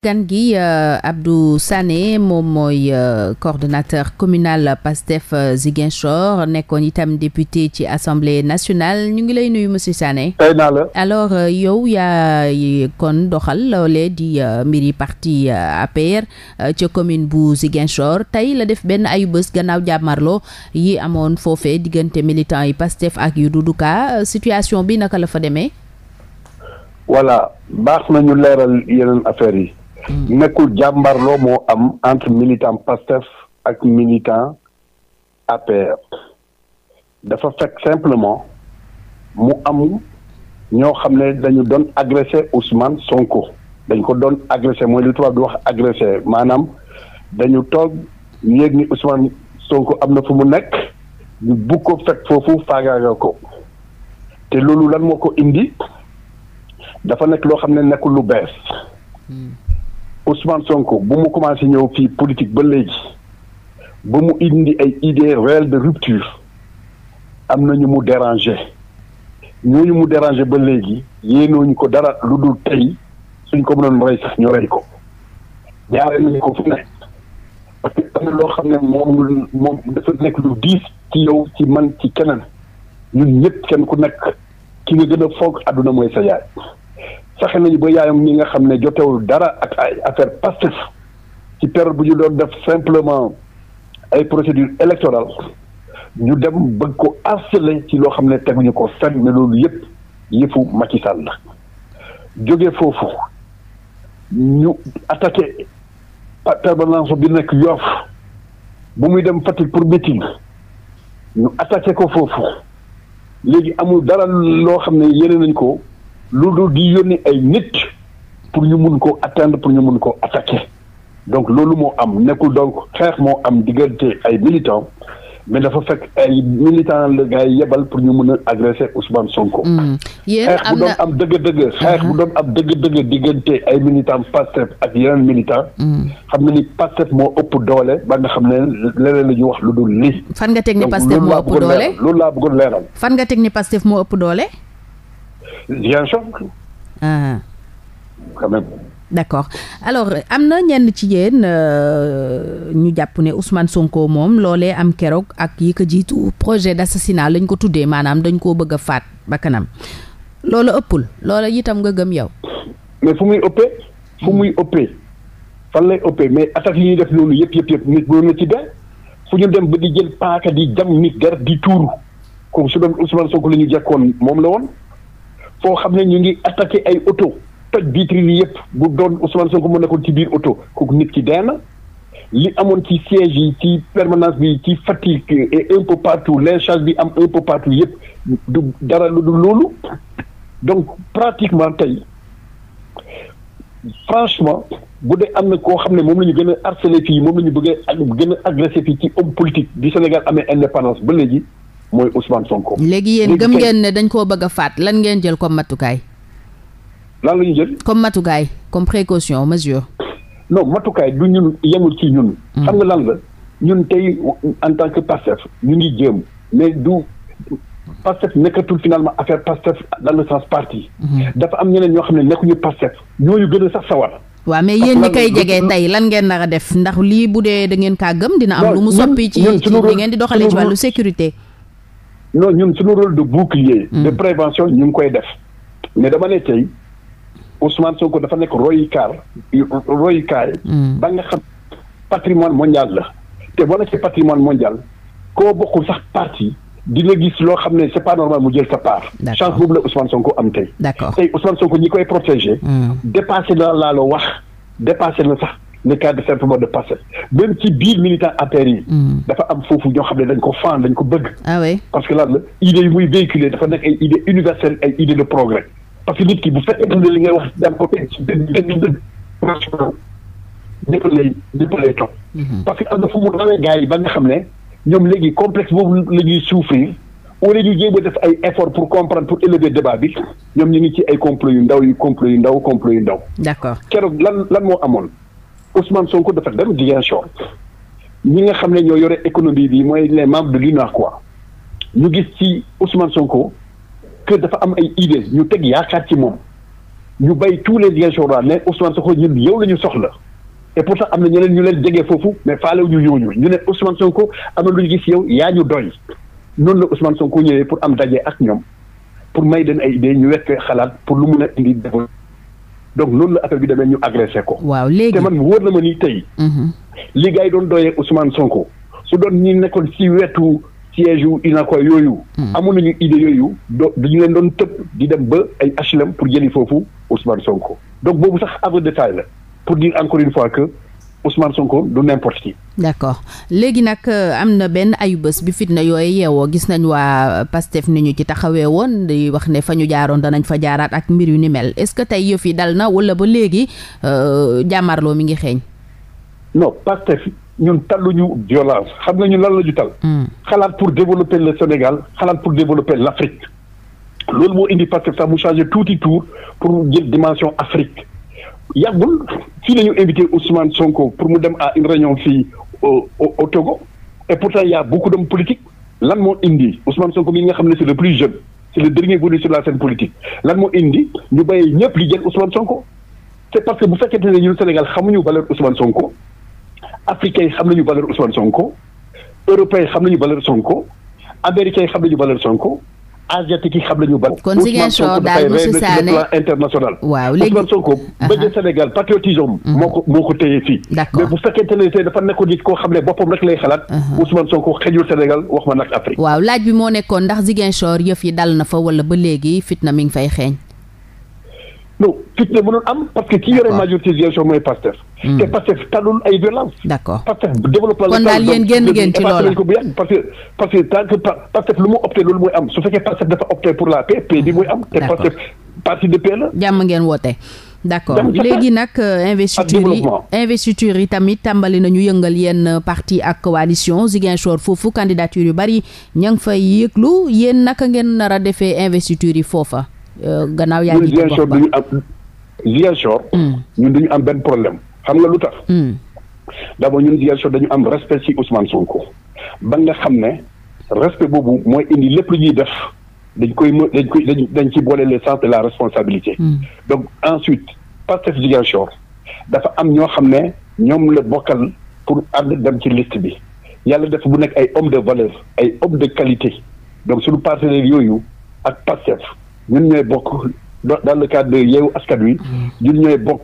gan gi euh, Abdou Sané moom mooy euh, coordonnateur communal PASTEF euh, Ziguinchor nekkoon itam député ci assemblée nationale ñu ngi lay nuyu monsieur Sané alors yow yaa kon doxal loolee di mbir yi parti APR ca commune bu Ziguinchor tey la def benn ayu bés gannaaw jàmmarloo yi amoon foofee diggante militant yi PASTEF ak yu Doudou Ka situation bi naka la fa demee voilà baax nañu leeral yeneen affaires yi Mm. nekkul loo moo am entre militant PASTEF ak militant APR dafa fekk simplement mu am ñoo xam ne dañu doon agressé Ousmane Sonko dañ ko doon agressé mooy li tubaab di wax agressé maanaam dañu toog ñu yéeg ni Ousmane Sonko am na fu mu nekk ñu bugg ko fekk foofu faagaagal ko te loolu lan moo ko indi dafa nekk loo xam ne nekkul lu bees. Mm. Ousmane Sonko bu mu commencé ñëw fii politique ba léegi ba mu indi ay idées réelles de rupture am na ñu mu dérangé ñu mu dérangé ba léegi yéenooñu ko dara lu dul tey suñ ko mënoon rey sax ñu rey ko jaaree nañu ko fu ne parce que am na loo xam ne moom moom dafa nekk lu diis ci yow ci man ci keneen ñun ñëpp kenn ku nekk ki nga gën a foog àdduna mooy sa yaay. fexe nañu ba yaayam mi nga xam ne jotewul dara ak ay affaire Pastef ci période bu ñu doon def simplement ay procédure électorale ñu dem bëgg ko harceler ci loo xam ne teguñu ko fenn mais loolu yëpp yëfu Macky Sall la jóge foofu ñu attaqué permanence bi nekk Yoff bu muy dem Fatick pour meeting ñu attaqué ko foofu léegi amul dara loo xam ne yéene nañ ko lu dul di yónni ay nit pour ñu mun ko atteindre pour ñu mun ko attaquer donc loolu moo am nekkul donc xeex moo am diggante ay militants mais dafa fekk ay militants la gars yi yebal pour ñu mun a agresser Ousmane Sonko. Mm. yéen am na xeex bu doon am dëgg-dëgg. xeex bu mhm. doon am dëgg-dëgg diggante ay militants Pastef ak yeneen militants. Mm. xam nga ni Pastef moo ëpp doole ba nga xam ne leneen la ñuy wax lu dul lii. fan nga teg ni Pastef moo ëpp doole loolu laa bëggoon leeral. fan nga teg ni Pastef moo ëpp doole. j'ai un choc. Ah. quand même. d'accord alors am na ñenn ci yéen euh, ñu jàpp ne Ousmane Sonko moom loolee am keroog ak yi ko jiitu projet d'assassinat lañ ko tuddee maanaam dañ koo bëgg a faat ba kanam loola ëppul loola itam nga gëm yow. mais fu muy ëppee fu muy ëppee fan lay ëppee mais attaques yi ñuy def loolu yëpp yëpp yëpp nit mënoon na ci dee fu ñu dem ba di jël paaka di jam nit garab di tuuru comme su doon Ousmane Sonko la ñu jekkoon moom la woon. foo xam ne ñu ngi attaqué ay auto toj vitrine yi yëpp bu doon Ousmane Sonko mu nekkoon ci biir auto kooku nit ki dee na li amoon ci siège yi ci permanence bi ci Fatick et un peu partout lynchage bi am un peu partout yëpp du dara lu du loolu donc pratiquement tey franchement bu dee am na koo xam ne moom la ñu gën a harcelé fii moom la ñu bëggee gën a agressé fii ci homme politique bi Sénégal amee indépendance ba léegi mooy Ousmane Sonko. léegi yéen gëm ngeen ne dañ ko bëgg a faat lan ngeen jël comme matukaay. lan la ñu jël. comme matukaay comme précaution mesure. non matukaay du ñun yemul ci ñun. Hmm. xam nga lan la ñun tey en tant que Pastef ñu ngi jéem mais du Pastef nekkatul finalement affaire Pastef dans le sens parti. Hmm. dafa am ñeneen ñoo xam ne nekkuñu Pastef ñooñu gën sax sawar. waa mais yéen ñi koy jege tey lan ngeen nar a def ndax lii bu dee da ngeen kaa gëm dina am lu mu soppi ci ci ngeen di doxalee ci wàllu sécurité non ñun suñu rôle de bouclier. Mm. de prévention ñu ngi koy def. mais dama ne tey Ousmane Sonko dafa nekk royukaar royukaay. Mm. ba nga xam patrimoine mondial la. te boo nekkee patrimoine mondial koo bokkul sax parti dina gis loo xam ne c'est pas normal mu jël sa part. chance boobu la Ousmane ko am tey. d'accord tey Ousmane Sonko ñi koy protégé. Mm. dépassé na laa la wax dépassé la sax. le cadre simplement de passer même ci biir militant APR yi. Hmm. dafa am foofu ñoo xam ne dañ ko fan dañ ko bëgg. ah oui parce que lan la idée yu muy véhiculer dafa nekk ay idée que nit ki bu fekkee ne li ngay wax ko teg ci benn benn dëgg. ñëpp lay ñëpp lay topp. Hmm. yi ba nga xam ne ñoom léegi complexe boobu la ñuy souffrir. wala ñu jéem a def ay effort pour comprendre pour élever débat bi ñoom ñu ngi ci ay complot yu ndaw yu complot yu ndaw complot yu ndaw. d'accord keroog lan lan moo amoon. Ousmane Sonko dafa dem Ziguinchor ñi nga xam ne ñoo yore économie bi mooy les membres de l'UNACOIS ñu gis ci ausman Sonko kë dafa am ay idées ñu teg yaakaar ci moom ñu bay tous les Ziguinchorois ne Ousmane Sonko ñun yow la ñu soxla pour pourtant am na ñeneen ñu leen jege foofu mais faalew ñu ñooñu ñu ne Ousmane Sonko am na lu ñu gis yow yaa ñu doy noonu la Ousmane Sonko ñëwee pour am daje ak ñoom pour may den ay idées ñu wekk xalaat pour lu mun a indi développement donc noonu la affaire bi demee ñu agressé ko. waaw léegi te man wóor na ma ni tey. Mhm. li gars yi doon doyee Ousmane Sonko su doon ñi nekkoon ci wetu siège yu UNACOIS yooyu. Mhm. amoon nañu idée yooyu do dañu leen doon tëb di dem ba ay HLM pour jëli foofu Ousmane Sonko donc boobu sax aveu de taille la pour dire encore une fois que. Ousmane Sonko du n'importe qui. léegi nag euh, am na benn ayubés bi fitna yooyu yeewoo gis nañu waa Pastef ni ñu ci taxawee woon di wax ne fa ñu jaaroon danañ fa jaaraat ak mbir yu ni mel est-ce que tey yëf yi dal na wala ba léegi euh, jàmmarloo mi ngi xeeñ. no Pastef ñun talluñu violence xam nga ñun lan la ñu tal. Hmm. xalaat pour développer le Sénégal xalaat pour développer l'Afrique loolu moo indi Pastef sax mu changer tuuti tour pour jël dimension Afrique. yàggul fii la ñu invité Ousmane Sonko pour mu dem à une réunion fii o au, au Togo et pourtant y a beaucoup d'hommes politiques lan moo indi Ousmane Sonko mi nga xam ne si le plus jeune c'est le dernier venu sur la scène politique lan moo indi ñu bàyyi ñëpp li jël Ousmane Sonko c'est parce que bu fekkente ne ñun Sénégal xamuñu valeur Ousmane Sonko africains yi xam ñu valeur Ousmane Sonko européens yi xam nañu valeur Sonko américains yi xam nañu valeur Sonko asiatique yi xam la ñu ban. kon Ziguinchor daal monsieur Sané international. waaw léegi Ousmane Sonko bëgg Sénégal patriotisme. Mhm. moo ko moo ko téye fii. mais bu fekkee te tey dafa nekkoon nit koo xam ne boppam rek lay xalaat. Ousmane Sonko xëjul Sénégal wax ma nag Afrique. waaw laaj bi moo nekkoon ndax Ziguinchor yëf yi dal na fa wala ba léegi fitna mi ngi fay xeeñ. non fitna mënul am parce que ki yore majorité Ziguinchor mooy Pastef. Hmm. te Pastef talul ay violence. d'accord Pastef développement la. kon daal yéen génn ngeen ci loola ko bu yàgg parce que parce que tant que Pastef lu mu opté loolu mooy am su fekkee Pastef dafa opté pour la paix paix bi hmm. mooy am. te Pastef de paix la. jàmm ngeen woote. d'accord léegi nag euh, investiture yi investiture yi tamit tàmbali nañu yëngal yenn parti ak coalition Ziguinchor foofu candidature yu bari ña ngi fay yëglu yéen naka ngeen nar a defee investiture yi foofa. Euh, gannaaw yaa ngi ci gox ba Ziguinchor mm. ñun dañu am benn problème xam nga lu tax. Mm. d'abord ñun Ziguinchor dañu am respect ci Ousmane Sonko ba nga xam ne respect boobu mooy indi lépp lu ñuy def dañ koy dañ koy dañ ci boole les sens de la responsabilité. Mm. donc ensuite Pastef Ziguinchor dafa am ñoo xam ne ñoom la bokkal pour ànd dem ci liste bi yàlla def bu nekk ay homme de valeur ay homme de qualité donc suñu partenaires yooyu ak Pastef. ñun ñooy bokk dans le cadre de yeewu askan wi ñun bokk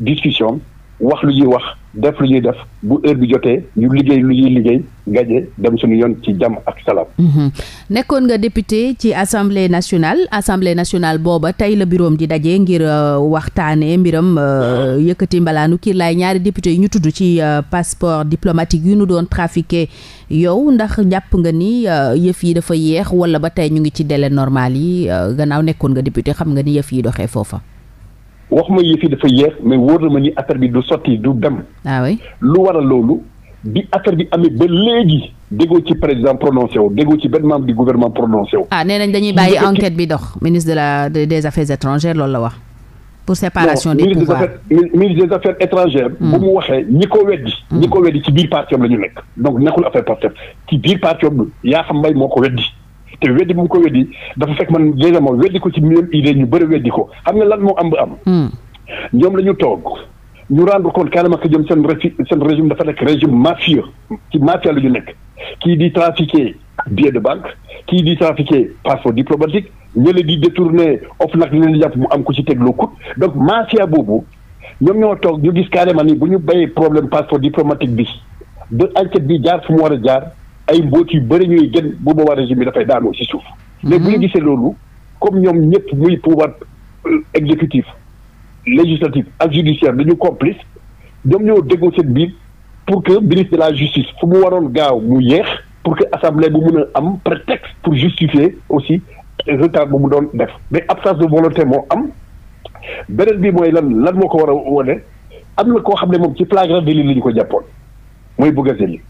discussion wax lu ñuy wax def lu ñuy def bu heure bi jotee ñu liggéey lu ñuy liggéey gaje dem suñu yoon ci jàmm ak salaam. Mhm. nekkoon nga député ci assemblée national assemblée national booba tey la bureau di dajee ngir euh, waxtaanee mbiram euh, yëkkati mbalaanu kii laay ñaari député yi ñu tudd ci euh, passeport diplomatique yu ñu doon trafiqué yow ndax jàpp nga ni yëf yi dafa yéex wala ba tey ñu ngi ci délai normal yi gannaaw nekkoon nga député xam nga ni yëf yi doxee foofa. wax ma yëf yi dafa yeex mais woor na ma ni affaire bi du sotti du dem. ah oui lu a loolu bi affaire bi amee ba léegi déggoo ci président prononcé wu déggoo ci benn membre du gouvernement prononcé wu. ah nee nañ dañuy bàyyi enquête bi dox ministre de la des affaires étrangères loolu la wax. pour séparation des pouvoirs ministre des affaires étrangères. Hmm. bu mu waxee ñi ko weddi. ñi ko hmm. weddi ci biir parti am la ñu nekk. donc nekkul affaire Pastef ci biir parti yaa xam mbay moo ko weddi. te weddi bu ko weddi dafa fekk man déjà ma weddi ko ci même idée ñu bëri weddi ko xam nga lan moo am bi am. Hmm. ñoom la ñu toog ñu rendre compte carrément que jëm seen refi seen régime dafa nekk régime mafieux ci mafia la ñu nekk kii di trafiquer billet de banque kii di trafiquer passeport diplomatique ñële di détourner of nag leen jàpp mu am ko ci teg loo kut donc mafia boobu ñoom ñoo toog ñu gis carrément ni bu ñu béyee problème passeport diplomatique bi de enquête bi jaar fu mu war a jaar. ay mbóot yu bëri ñuy gën bu boobaa régime bi dafay daanoo ci suuf. Mhm. mais bu ñu gisee loolu comme ñoom ñëpp muy pouvoir euh, exécutif législatif ak judiciaire dañu complice ñoom ñoo déggoo seen biir pour que ministre de la justice fu mu waroon gaaw mu yéex pour que assemblée bu mun a am prétexte pour justifier aussi retard bu mu doon def mais ab absence de volonté moo am beneen bi mooy lan lan moo ko war a wone am na koo xam ne moom ci flagrant délit la ñu ko jàppoon mooy Bougazelli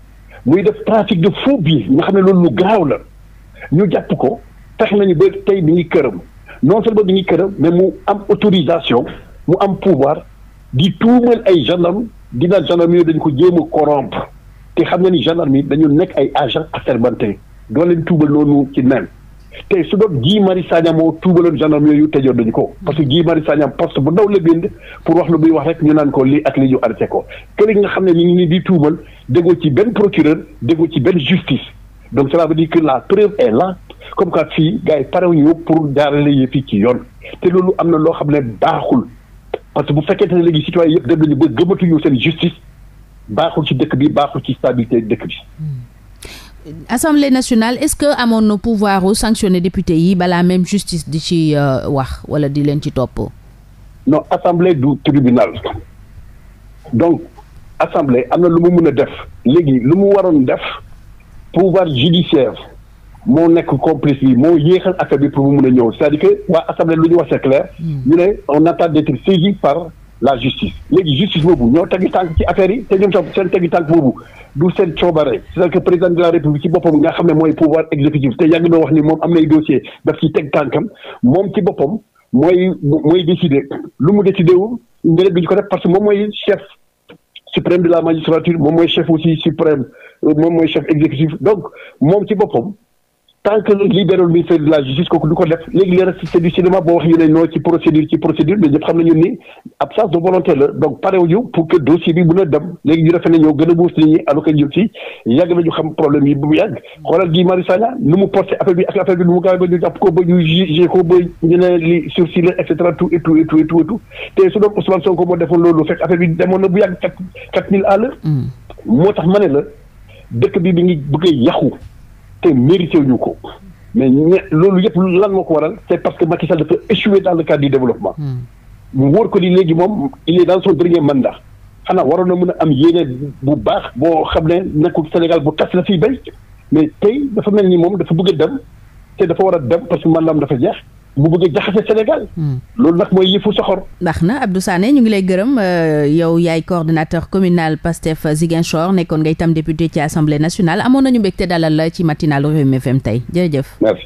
muy def trafic de faux billets nga xam ne loolu lu garaaw la ñu jàpp ko tax nañu ba tey mi ngi këram non seulement mi ngi këram mais mu am autorisation mu am pouvoir di tuumal ay gendarme dina gendarme yooyu dañu ko jéem a corrompre te xam nga ni gendarme yi dañu nekk ay agent assermenté doo leen tuubal noonu ci nen tey su doon Guy Marius Sagna moo tuubaloon gendarme yooyu tëjoon nañu ko parce que Guy Marius Sagna poste bu ndaw la bind pour wax lu muy wax rek ñu naan ko lii ak lii ñu arrêté ko këri nga xam ne ñu ngi nii di tuumal déggoo ci benn procureur déggoo ci benn justice donc cela veut dire que la preuve est là comme quoi fii gars yi parewuñu pour jaarale yëf fii ci yoon te loolu am na loo xam ne baaxul parce que bu fekkente ne léegi citoyen yëpp dem nañu ba gëmatuñu seen justice baaxul ci dëkk bi baaxul ci stabilité dëkk bi hmm. assemblée nationale est-ce que amoon na pouvoir u sanctionner député yi balaa même justice di ci euh, wax wala di leen ci topp non assemblée du tribunal donc assemblée am na lu mu mën a def léegi lu mu waroon def pouvoir judiciaire moo nekk complice bi moo yéexal affaire bi pour mu mën a ñëw c'est-à-dire que waa assemblée lu ñu wax c'est clair hmm. ñu ne on attend d'être saisi par la justice léegi justice boobu ñoo tegi tànk ci affaire yi te ñoom sax seen tegi tànk boobu du seen coobare cest que président de la république ci boppam nga xam ne mooy pouvoir exécutif te yàgg na wax ni moom am nay dossier daf ci teg moom ci boppam mooy mooy décider lu mu décider wu nga duñ ko def parce que moom mooy chef suprême de la magistrature moom mooy chef aussi suprême moom mooy chef exécutif donc moom ci boppam tant que libéral ministère de la justice kooku du ko def léegi le reste c'est du cinéma boo wax ñu ne non ci procédure ci procédure mais ñëpp xam nañu ni absence de volonté la donc parewuñu pour que dossier bi mën a dem léegi ñu defe ne gën a buus nit ñi alors que ñun si yàgg nañu xam problème yi bu mu yàgg xoolal Guy nu mu porté affaire bi ak bi nu mu gaaw ba ba ñu jugé ko ba ñu ne li sursis la tout et tout et tout et tout te su doon Ousmane Sonko moo loolu fekk affaire mm. moo tax ma ne la dëkk bi bi ngi bëgg a te mérité ñu ko mais ñe loolu yëpp lan moo ko waral c'est parce que Macky Sall dafa échoué dans le cadre du développement. mu hmm. wóor ko ni léegi moom il est dans son man mandat xanaa waroon na mën a am yéene bu baax boo xam ne nekkul Sénégal bu tas la fiy béy mais tey dafa mel ni moom dafa bëgg dem te dafa war a dem parce que man la mandaam dafa jeex. mu bëgg a Sénégal. Hmm. loolu nag mooy yëfu soxor. ndax na Abdou Sané ñu ngi lay gërëm euh, yow yaay coordonnateur communal PASTEF Ziguinchor nekkoon nga itam député ci assemblée nationale amoon nañu mbégte dalal la ci matinalu Rewmi FM tey jërëjëf. jëf